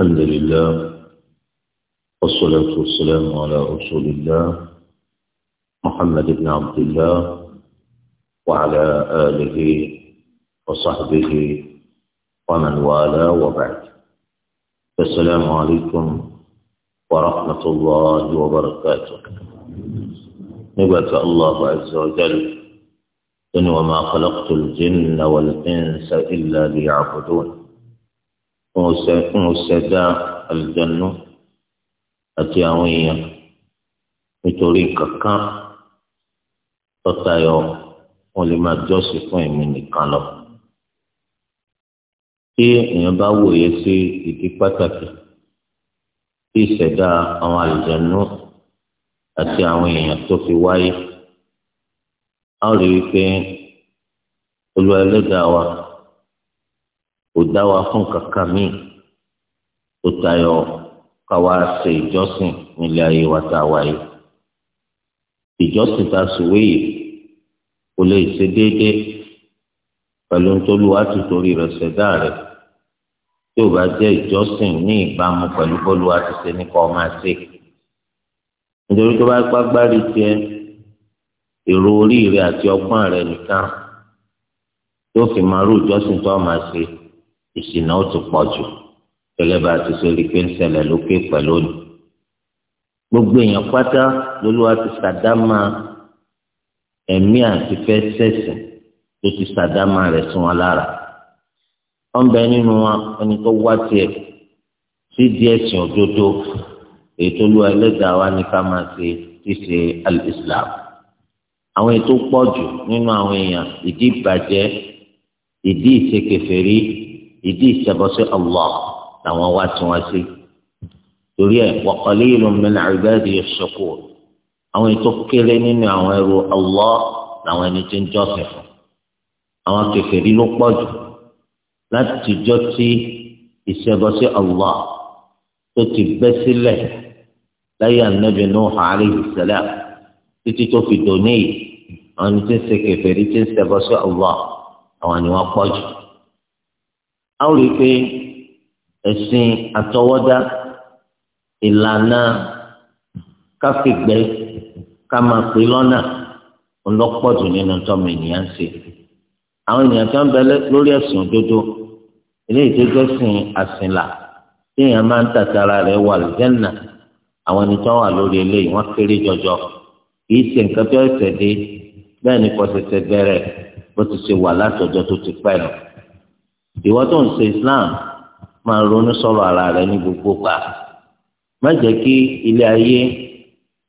الحمد لله والصلاة والسلام على رسول الله محمد بن عبد الله وعلى آله وصحبه ومن والاه وبعد السلام عليكم ورحمة الله وبركاته نبات الله عز وجل إن وما خلقت الجن والإنس إلا ليعبدون fún ọ̀sẹ̀dá àlùjáná àti àwọn èèyàn nítorí kankan tọ́tayọ wọn lè máa jọ́sìn fún ẹ̀mí nìkan lọ. tí èèyàn bá wòye sí ìdí pàtàkì tí ìṣẹ̀dá àwọn àlùjáná àti àwọn èèyàn tó fi wáyé a ó rí i pé olú ẹlẹ́dàá wa kò dá wa fún kankan míì tó tayọ ká wá ṣe ìjọsìn nílé ayé wa tá a wà yìí ìjọsìn tá a sì wéyè kò lè ṣe déédéé pẹ̀lú nítorí wàá ti torí rẹ̀ ṣẹ̀dá rẹ̀ tí ò bá jẹ́ ìjọsìn ní ìbámu pẹ̀lú bọ́ọ̀lù wa ti ṣe nípa ọmọ àti nítorí tó bá gbágbárí tiẹ̀ èrò orí rẹ̀ àti ọgbọ́n rẹ̀ nìkan yóò fi máa rú ìjọsìn tó ọmọ àti ìṣìnà ó tún pọ̀ jù tẹ́lẹ̀ bá ti sórí pé ń ṣẹlẹ̀ lókè pẹ̀lú òní. gbogbo èèyàn pátá lolúwa ti ṣàdámà ẹ̀mí àti fẹ́ sẹ̀sìn tó ti ṣàdámà rẹ̀ sún wọn lára. wọ́n bẹ nínú wọn ẹni tó wá tiẹ̀ sí díẹ̀ sìn òdodo ètò olúwa ẹlẹ́dàá wa ní ká máa ṣe ti ṣe alìsílám. àwọn ètò pọ̀ jù nínú àwọn èèyàn ìdí ìbàjẹ́ ìdí ìṣekèfèrí ìdí ìṣẹbọsí Allah làwọn wá tí wọn sí torí ẹ wa qalilun min ibadiya ash-shakur àwọn ètò kéré nínú àwọn ẹrú Allah làwọn ẹni tí ń jọ́sìn fún àwọn kèfèrí ló pọ̀ jù láti jọ tí ìṣẹbọsí Allah tó ti bẹ́ sílẹ̀ láyé ànábì Nuh alayhi salam títí tó fi dòní àwọn ẹni tí ń ṣe kèfèrí tí ń ṣẹbọsí Allah àwọn ni wọn pọ̀ jù a ó rí i pé ẹ̀sìn àtọwọ́dá ìlànà káfígbẹ́ ká máa pè lọ́nà ńlọ́pọ̀jù nínú tọ́mọ ènìyàn ṣe àwọn ènìyàn tó ń bẹ lórí ẹ̀sìn òdodo eléyìí tó jẹ́ sìn àsìnlà téèyàn máa ń tàtàrà rẹ̀ wà lẹ́nà àwọn ẹni tó wà lórí eléyìí wọ́n kéré jọjọ kìí ṣe nǹkan tó ẹsẹ̀ dé bẹ́ẹ̀ ni kò ṣẹ̀ṣẹ̀ bẹ̀rẹ̀ bó ti ṣe wà látọjọ́ tó ti pẹ́ lọ ìwọ tó ń ṣe islam máa ronú sọ̀rọ̀ ara rẹ ní gbogbo pa má jẹ́ kí ilé ayé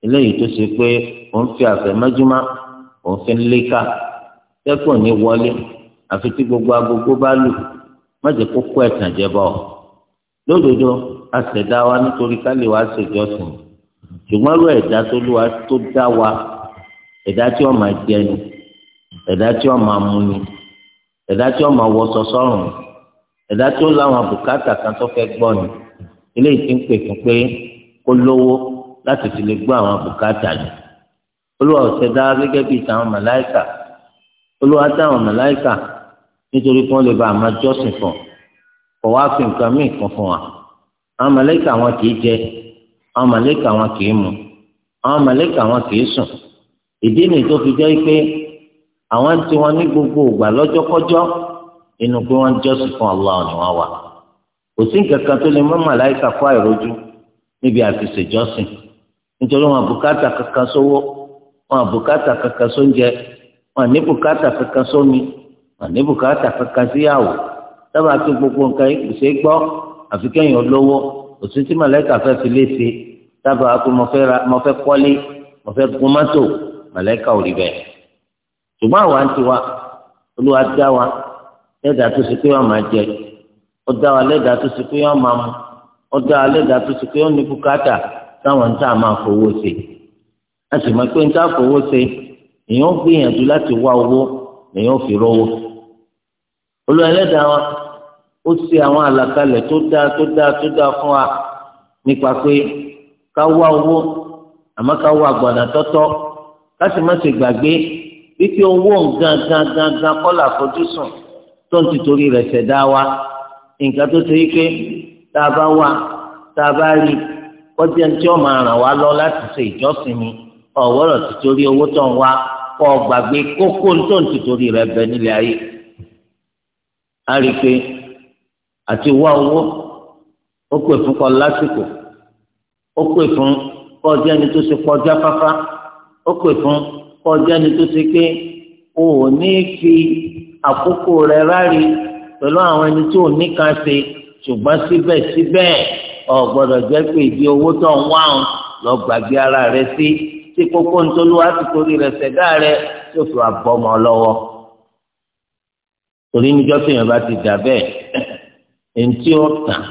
eléyìí tó ṣe pé òun fi àfẹ̀mọ́júmọ́ òun fi ń léka tẹ́kùn ní wọlé àfi tí gbogbo agogo bá lù má jẹ́ kó kó ẹ̀tàn jẹ bọ́ lódodo a ṣẹ̀dá wa nítorí ká lè wá ṣèjọsìn ṣùgbọ́n irú ẹ̀dá tó lúwa tó dá wa ẹ̀dá tí ó máa jẹ ni ẹ̀dá tí ó máa mu ni ẹ̀dá tí ọmọ wọ sọsọrùn ẹ̀dá tí ó láwọn àbùkátà kan tó fẹ́ gbọ́ ni eléyìí ti ń pè fún pé kó lówó láti fi lè gbọ́ àwọn àbùkátà yìí olúwa ọ̀sẹ̀dá gẹ́gẹ́ bíi tàwọn màláìkà olúwa táwọn màláìkà nítorí kí wọ́n lè ba àmà jọ́sìn fún kò wá fi nǹkan míì kan fún wa àwọn màláìkà wọn kì í jẹ àwọn màláìkà wọn kì í mu àwọn màláìkà wọn kì í sùn ìdí nìyí tó fi jẹ́ pé àwọn tí wọn ní gbogbo ògbà lọ́jọ́kọ́jọ́ inú pé wọ́n jọ́sìn fún Allah ni wọ́n wà kò sí nǹkan kan tó lè mú màláìka fún àìrójú níbi àfisèjọ́sìn nítorí wọn àbùkátà kankan sówó wọn àbùkátà kankan sóúnjẹ wọn àní bùkátà kankan sómi wọn àní bùkátà kankan síyàwó dábàá tó gbogbo nǹkan ìpèsè gbọ́ àfi kẹ́yìn olówó òsín tí màláìka fẹ́ fi léṣe dábàá pé mo fẹ́ kọ́lé mo fẹ́ gun màláìka ò rí bẹ́ẹ̀ ṣùgbọ́n àwa ń tiwa olúwa dá wa lẹ́dàá tó ṣe pé wọ́n máa jẹ ó dá wa lẹ́dàá tó ṣe pé wọ́n máa mu ó dá wa lẹ́dàá tó ṣe pé wọ́n ní bùkátà táwọn ń tà máa fowó ṣe a sì mọ̀ pé ń tà fowó ṣe èèyàn gbìyànjú láti wá owó èèyàn fi rówó olúwa lẹ́dàá wa ó ṣe àwọn àlàkalẹ̀ tó dáa tó dáa tó dáa fún wa nípa pé ká wá owó àmọ́ ká wá àgbọ̀nà tọ́tọ́ ká sì má ṣe gbàgbé wípé owó gangan gangan kọ́là fojúsùn tó ń tìtorí rẹ̀ ṣẹ̀dá wa nǹkan tó ṣe wípé tá a bá wà tá a bá rí kọjá tí ó máa ràn wá lọ láti ṣe ìjọsìn mi ọ̀wọ́rọ̀ tìtorí owó tó ń wá kọ́ gbàgbé kókó tó ń tìtorí rẹ̀ bẹ nílé ayé. a rí i pé àti wá owó ó pè fún kọ lásìkò ó pè fún kọjá ẹni tó ṣe kọjá fáfá ó pè fún kọjá ni tó ṣe pé o ò ní fi àkókò rẹ rárí pẹ̀lú àwọn ẹni tí ò ní kan ṣe ṣùgbọ́n síbẹ̀síbẹ̀ o gbọ́dọ̀ jẹ́ pé ìdí owó tó ń wá ọ̀hún lọ gbàgbé ara rẹ sí tí kókó ntolúwa ti torí rẹ ṣẹ̀dá rẹ tó fi àbọ̀mọ́ lọ́wọ́ torí níjọ́ tí èèyàn bá ti dà bẹ́ẹ̀ ẹni tí ó tàn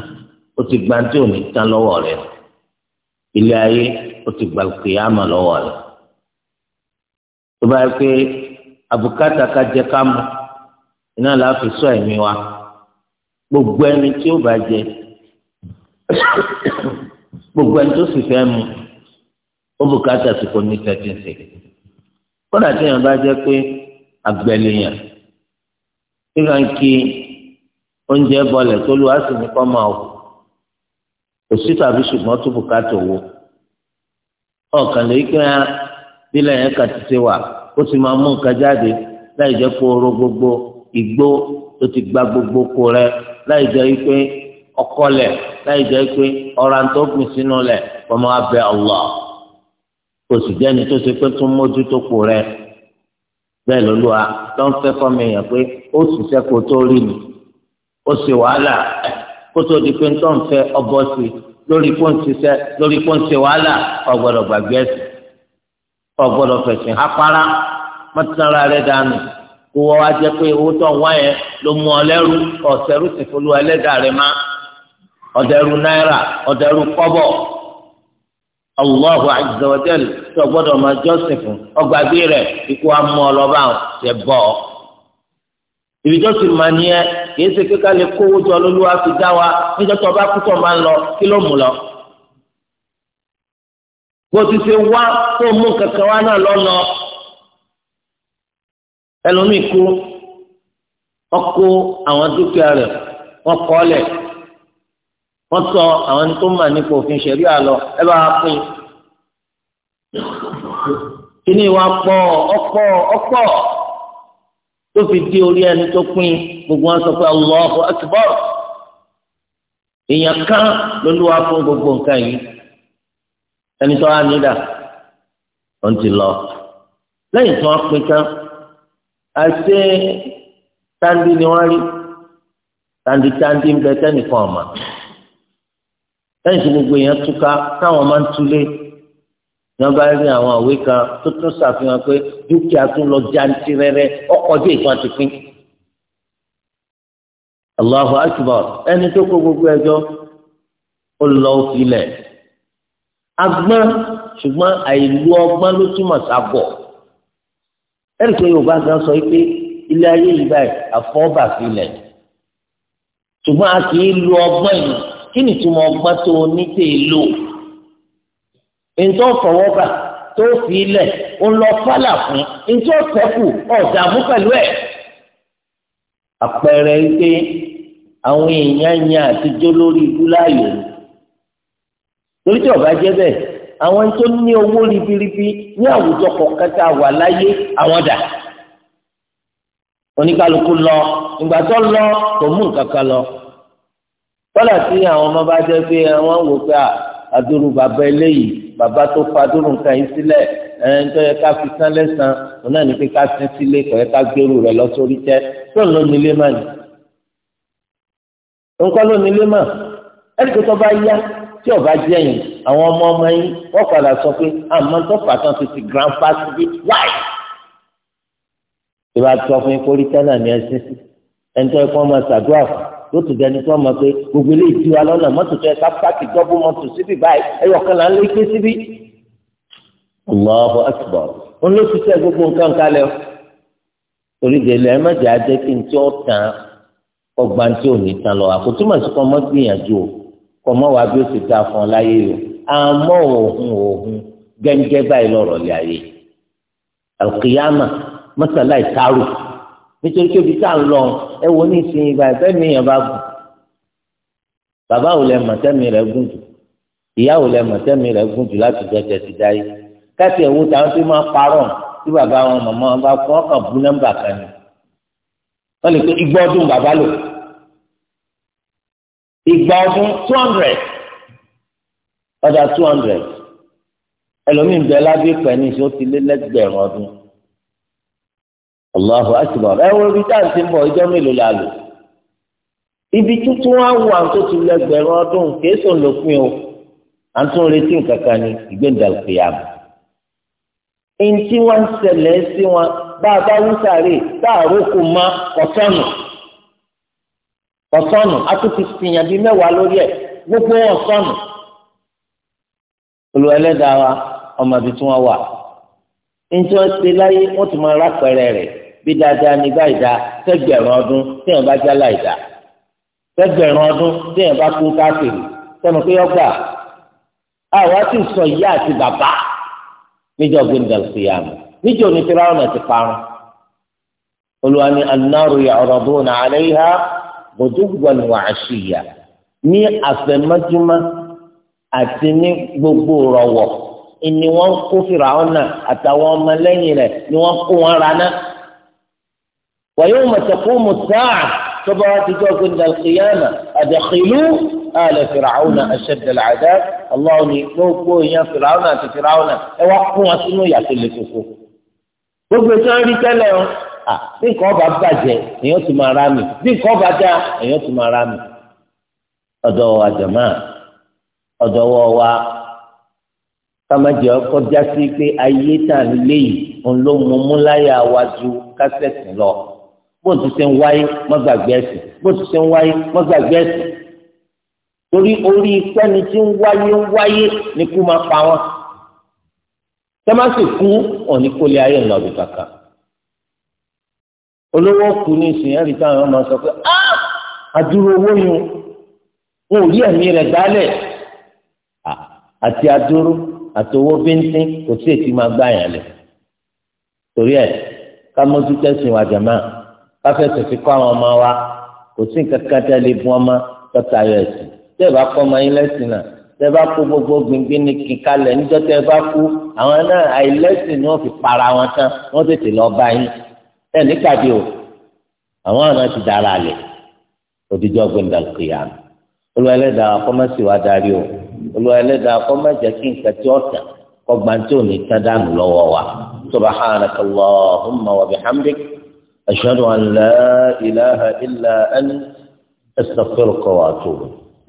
ó ti gba tí ò ní tán lọ́wọ́ rẹ ilé ayé ó ti gbàgbé àmọ́ lọ́wọ́ rẹ tó bá yẹ pé àbùkátà ká jẹ ká mu iná là á fi sọ ẹ̀mí wa gbogbo ẹni tí ó bá jẹ gbogbo ẹni tó sì fẹ́ mu ó bùkátà sí kò ní tẹ́tíǹsì kódà tí yẹn bá jẹ pé àgbẹ̀lẹ̀yàn nígbà ń kí oúnjẹ bọlẹ̀ tó lu àsìmí kọ́ máa wò kò tàbí ṣùgbọ́n tó bùkátà owó ọ̀kan lè kí wọn bílẹ̀ yẹn kà ti ṣe wà ó sì máa mú nǹkan jáde láì jẹ́ kó oró gbogbo igbó tó ti gba gbogbo kó rẹ láì jẹ́ pé ọkọ lẹ̀ láì jẹ́ pé ọ̀ràn tó kù sínú lẹ̀ ọmọ abẹ́ Allah oṣù jẹ́ni tó ṣe pé tún mójútó kó rẹ bẹ́ẹ̀ lọ́lọ́wà tó ń fẹ́ fọ́mi yẹn pé ó ṣiṣẹ́ kó tó rí mi ó ṣe wàhálà kó tó di pé ń ń fẹ́ ọbọ̀ sí lórí pọ́ńṣiṣẹ́ lórí pọ́ńṣe wàhálà ọgbọ́dọ̀ gbàgbé ẹ̀sìn ọgbọ́dọ̀ fẹ̀sìn apara mọ́tàlá rẹ̀ dànù kó wọ́n wá jẹ́ pé owó tó ń wá yẹn ló mú ọ lẹ́rú ọ̀sẹ̀rú sì folú ẹlẹ́dàá rẹ̀ má ọ̀dẹ̀rú náírà ọ̀dẹ̀rú kọ́bọ̀ Allahu azza wa jal tó gbọ́dọ̀ máa jọ́sìn fún ọgbàgbé rẹ̀ ikú amú ọlọ́ba ṣe bọ̀ ọ́. ìbíjọ́sìn máa ní ẹ kì í ṣe kíkà lè kówó jọ lóluwà fi dá wa níjọ́ tó bá kú máa ń lọ kí ló mú lọ bó ti ṣe wá tó mú kankan wá náà lọ́nà ẹlòmíì kú ọkọ àwọn dúkìá rẹ̀ wọ́n kọ́ lẹ̀ wọ́n sọ àwọn tó mà nípa òfin ṣẹ̀rí àlọ́ ẹ bá pín kíní wa pọ̀ ọ̀pọ̀ ọ̀pọ̀ tó fi di orí ẹni tó pín gbogbo wọn sọ pé Allahu Akbar èèyàn kan ló lù wá fún gbogbo nǹkan yìí ẹni tó wá nídà wọn ti lọ lẹ́yìn tí wọn pín tán àṣé tandi ni wọn rí tandi tandi ń bẹ tẹnìkan ọmọ lẹ́yìn tí gbogbo èèyàn túká táwọn máa ń túlé ní wọn bá rí àwọn òwe kan tó tún ṣàfihàn pé dúkìá tún lọ jantirẹrẹ ọkọ dé ìtàn ti pín. Allahu akbar ẹni tó kó gbogbo ẹjọ́ ó lọ ó filẹ̀ agbọ́n ṣùgbọ́n àìlú ọgbọ́n ló túmọ̀ sábọ̀ ẹ̀rí pé yorùbá gan sọ pé ilé ayé yìí báyìí àfọ́bà filẹ̀ ṣùgbọ́n a kì í lu ọgbọ́n yìí kí ni túmọ̀ ọgbọ́n tó o ní tè lò ntọ́ fọwọ́bà tó fi ilẹ̀ ó lọ fálà fún ntọ́ sẹ́kù ọ̀dààmú pẹ̀lú ẹ̀ àpẹẹrẹ pé àwọn èèyàn yẹn àtijọ́ lórí ikú láàyò ni torí tí ọba jẹ́ bẹ́ẹ̀ àwọn tó ní owó ribiribi ní àwùjọ kọ̀ọ̀kan tá a wà láyé àwọn dà oníkálukú lọ ìgbà tó lọ kò mú nǹkan kan lọ tọ́lá tí àwọn ọmọ bá jẹ́ pé àwọn wò pé àdúrú bàbá eléyìí bàbá tó fa àdúrú nǹkan yìí sílẹ̀ ẹn tó yẹ ká fi sán lẹ́sàn òun náà ní pé ká sin sílé kọ̀ yẹ ká gbèrú rẹ̀ lọ sórí tẹ́ tó ń lọ nílé mà ní. nǹkan ló nílé mà ẹnì kò tó bá yá tí ọba jẹ yìí àwọn ọmọ ọmọ yìí wọ́n padà sọ pé àmọ́ tó fàtàn ti ti grand pass bí wáì. ìbá tó fún yín kórìí tẹ́lẹ̀ ní ẹsẹ̀ sí ẹni tó ẹ̀kọ́ ọmọ ṣàdúrà fún yóò tún dẹni tó ọmọ pé gbogbo ilé ìtì wa lọ́nà mọ́tò tó ẹ̀ka pàtì dọ́bù mọ́tò síbi báyìí ẹ̀yọ̀ kan là ń lé ké síbi. Allahu akbar wọn ló ti sẹ́ gbogbo nǹkan kalẹ̀ torí délé ẹ má jẹ́ ajẹ́ kí n tí ó tán ọgbà tí ò ní tán lọ àkótúmọ̀ sí kọ́ mọ́ gbìyànjú o kọ mọ wàá bí ó ti da fún ọ láyé o àmọ́ òhun òhun gẹ́gẹ́ báyìí lọ́rọ̀ lé ayé alkiyama mọ́sálà ìtàrù nítorí pé ibi tá à ń lọ ẹ wo ní ìsinyìí báyìí fẹ́mi yẹn bá gùn bàbá ò lẹ mọ̀ tẹ́mi rẹ̀ gùn jù ìyá ò lẹ mọ̀ tẹ́mi rẹ̀ gùn jù láti jọjọ ti dá yìí káàtì ẹ̀wò táwọn tó máa parọ́ tí bàbá wọn màmá wọn bá fọ́ ọkàn bú nọ́mbà kan ni wọ́n lè pe igbó ọdún bàbá lò ìgbà ọdún two hundred ọjà two hundred ẹlòmíín bẹ lábẹ́ pẹ̀lú ìṣó ti lé lẹ́gbẹ̀rún ọdún Allahu akbar ẹ wo ibi tá à ń ti bọ̀ ọjọ́ mélòó la lò ibi tuntun wa wà tó ti lẹ́gbẹ̀rún ọdún kìí sùn lópin o à ń tún retí nǹkan kan ní ìgbéǹdàgbéyàmù èyí tí wọ́n ń ṣẹlẹ̀ sí wọn bá a bá wúsàrè tá a rókò má ọ̀sánù ọ̀sọ́nù atútù tìyàn bíi mẹ́wàá lórí ẹ̀ gbogbo ọ̀sọ́nù olùwà ẹlẹ́dàá wa ọmọ ibi tí wọ́n wà níjọ́ ṣe láyé wọ́n ti máa rápẹ̀rẹ̀ rẹ̀ bí dáadáa ní báyìí dáa tẹ́gbẹ̀rún ọdún téèyàn bá jálá ìdá tẹ́gbẹ̀rún ọdún téèyàn bá kú káfíìrì sẹ́nu pé ọgbà àwa ti sọ ìyá àti bàbá níjọ́ gbẹ̀ndàlù síyàmù níjọ́ ní tíráwọ̀nà ti parun olùwà ni anáàrú ya'raduna 'alayha òdúgbò ni wàá ṣìyà ní àfẹ̀mọ́júmọ́ àti ní gbogbo rọ̀wọ̀ ni wọ́n kó fìràwọ́nà àtàwọn ọmọlẹ́yìn rẹ̀ ni wọ́n kó wọn raná. wàyí wọn mọ̀tẹ́kù mùtáà tó bá wọn ti jọ́ pé dàlkìyàmà àdàkìlú àlẹ́ àdá ọlọ́run ní gbogbo èèyàn fìràwọ́nà àti fìràwọ́nà ẹ wá kó wọn sínú yàtọ̀ lẹ́kọ̀ọ́ gbogbo ìtàn rí tẹ́lẹ̀ o à bí nǹkan ọba bàjẹ́ èèyàn tún máa rà mí bí nǹkan ọba dá èèyàn tún máa rà mí. ọ̀dọ̀ wa jàmá ọ̀dọ̀ wa kámájẹ kọjá sí pé ayé tà ń léyìí òun ló mú mú láyà wá ju kásẹ̀tì lọ bó ti ṣe ń wáyé má gbàgbé ẹ̀sìn bó ti ṣe ń wáyé má gbàgbé ẹ̀sìn torí orí ìpẹ́ni tí ń wáyé ń wáyé ni kú máa pa wọn tẹ́másì kú òní ayé ńlọbì kankan olówó kù ní ìsìn ẹ̀rí táwọn ọmọ sọ pé àdúró owó yun wọn ò rí ẹ̀mí rẹ̀ dálẹ̀ àti àdúró àtòwó bíntín kò sí èsì máa gbá yàn lẹ̀ torí ẹ̀ ká mójú tẹ̀sìn wa jàmá ká fẹsẹ̀ fi kọ́ àwọn ọmọ wa kò sí nǹkan kan tẹ́ lè bu ọmọ tọ́ta ayọ̀ ẹ̀sìn tẹ́ ẹ bá kọ́ ọmọ yín lẹ́sìn náà tẹ́ ẹ bá kó gbogbo gbìngbìn ní kíkalẹ̀ níjọ́ tẹ́ ẹ bá kú àwọn náà àìlẹ́sìn ni wọ́n fi para wọn tán wọ́n tètè lọ bá yín ẹ ní kàdí o àwọn àna ti dára lẹ òdìjọ gbẹndàkìyà olúwa ẹlẹ́dàá kọ́mẹ́sì wa darí o olúwa ẹlẹ́dàá kọ́mẹ́sì kí nǹkan tí ó tà kọ́gbà tí ò ní tán dànù lọ́wọ́ wa subhanaka allahumma wa bihamdik ashhadu an la ilaha illa anta astaghfiruka wa